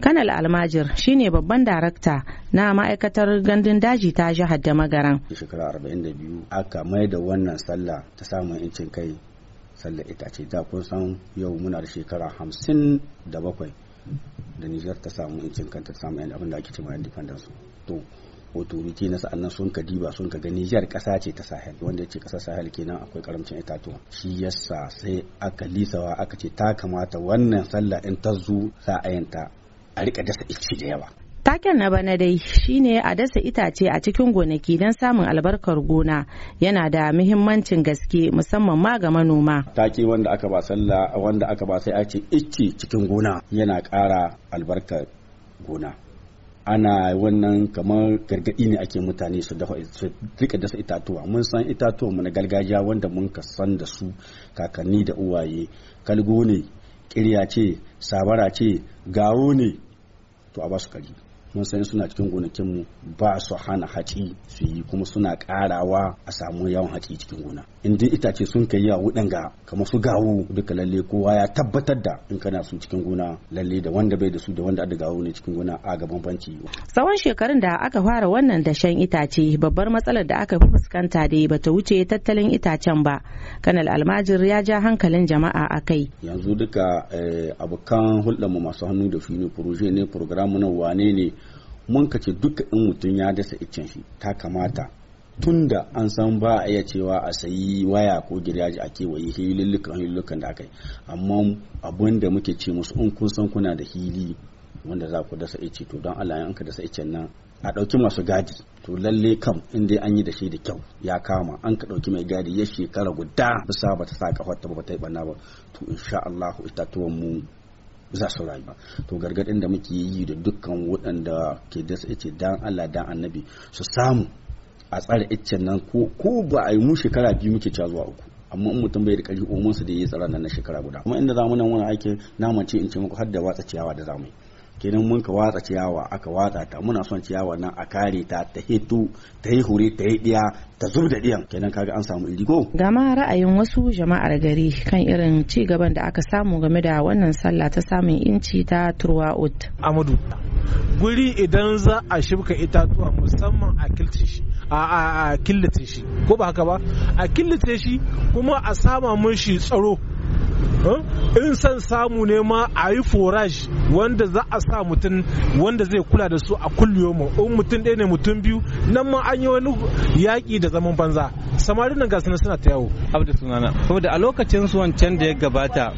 kanal almajir shine babban darakta na ma'aikatar gandun daji ta jihar da magaran shekara 42 aka mai da wannan sallah ta samun incin kai sallah ita ce da kun san yau muna da shekara 57 da nijar ta samu incin kanta ta samu abin da ake cewa independence to otoriti na sa'annan sun ka diba sun ka gani jihar kasa ce ta Sahel wanda ya ce kasar Sahel kenan akwai karamcin itatuwa shi yasa sai aka lisawa aka ce ta kamata wannan sallah in ta za a yanta a rika dasa ice da yawa Taken na bana dai shine a dasa itace a cikin gonaki don samun albarkar gona yana da muhimmancin gaske musamman ma ga manoma. Take wanda aka ba sallah wanda aka ba sai ake ice cikin gona yana ƙara albarkar gona. Ana wannan kamar gargaɗi ne ake mutane su dafa rika dasa itatuwa mun san itatuwa mu na gargajiya wanda mun ka san da su kakanni da uwaye kalgo ne kirya ce sabara ce gawo ne to a ba su kari mun san suna cikin gonakinmu ba su hana hatsi su yi kuma suna karawa a samu yawan hatsi cikin gona in dai itace sun kai yawa wudanga kamar su gawo duka lalle kowa ya tabbatar da in kana su cikin gona lalle da wanda bai da su da wanda da gawo ne cikin gona a gaban banki tsawon shekarun da aka fara wannan dashen itace babbar matsalar da aka fi fuskanta dai bata wuce tattalin itacen ba kanal almajir ya ja hankalin jama'a akai yanzu duka eh, abokan hulɗar masu hannu da fini ne proje ne program na wane ne mun ka ce duka in mutum ya dasa icen shi ta kamata tun da an san ba a iya cewa a sayi waya ko giryaji a kewaye hililikan-hililikan da aka yi amma abin da muke ce musu in kun san kuna da hili wanda za ku dasa ice to don Allah in ka dasa icen nan a ɗauki masu gadi to lalle kam in dai an yi da shi da kyau ya kama an ka ɗauki mai gadi ya shekara guda bisa ba ta sa kafar ta ba ta yi ba to insha ita itatuwan mu za su rayu ba to gargadin da muke yi da dukkan waɗanda ke da ce dan Allah dan annabi su samu a tsare iccen nan ko ko ba a yi mu shekara biyu muke cewa zuwa uku amma in mutum bai da ƙarfi umarsa da ya yi tsara nan na shekara guda kuma inda zamu nan wani aikin na mace in ce muku har da watsa ciyawa da zamu yi kenan mun ka watsa ciyawa aka watsa ta muna son ciyawa nan a kare ta ta hitu ta yi hure ta yi diya ta zub da diyan kenan kaga an samu iri ga ma ra'ayin wasu jama'ar gari kan irin ci gaban da aka samu game da wannan sallah ta samun inci ta turwa'ut amadu guri idan za a shibka itatuwa musamman a kilce shi a killace shi ko ba haka ba a killace shi kuma a sama mun shi tsaro in san samu ne ma a yi forage wanda za a sa mutum wanda zai kula da su a kulliyomo in mutum ɗaya ne mutum biyu nan ma an yi wani yaƙi da zaman banza samari nan gasu suna ta yawo abda sunana saboda a lokacin su wancan da ya gabata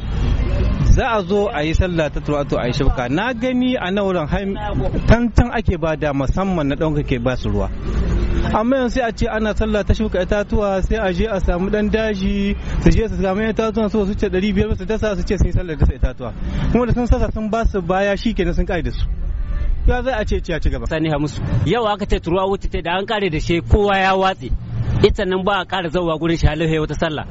za a zo a yi sallah ta turatu a yi shafka na gani a nauran wurin tantan ake da musamman na ɗaukake ke ba su ruwa amma yanzu sai a ce ana sallah ta shuka itatuwa sai a je a samu dan daji su je su samu itatuwa su wuce 500 su dasa su ce sun sallar dasa itatuwa kuma da sun sasa sun ba su baya shikenan sun kai da su ya zai a ce ci gaba sani hamusu yau aka ce turuwa wuce ta da an kare da shi kowa ya watse ita nan ba a kara zauwa gurin shi wata sallah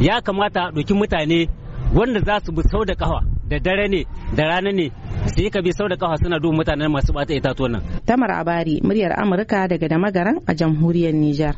ya kamata a ɗauki mutane wanda za su bi sau da kawa da dare ne da rana ne su yi kabi sau da kafa suna duba mutanen masu bata itatuwan nan. Tamar Abari, muryar Amurka daga Damagaran a jamhuriyar Nijar.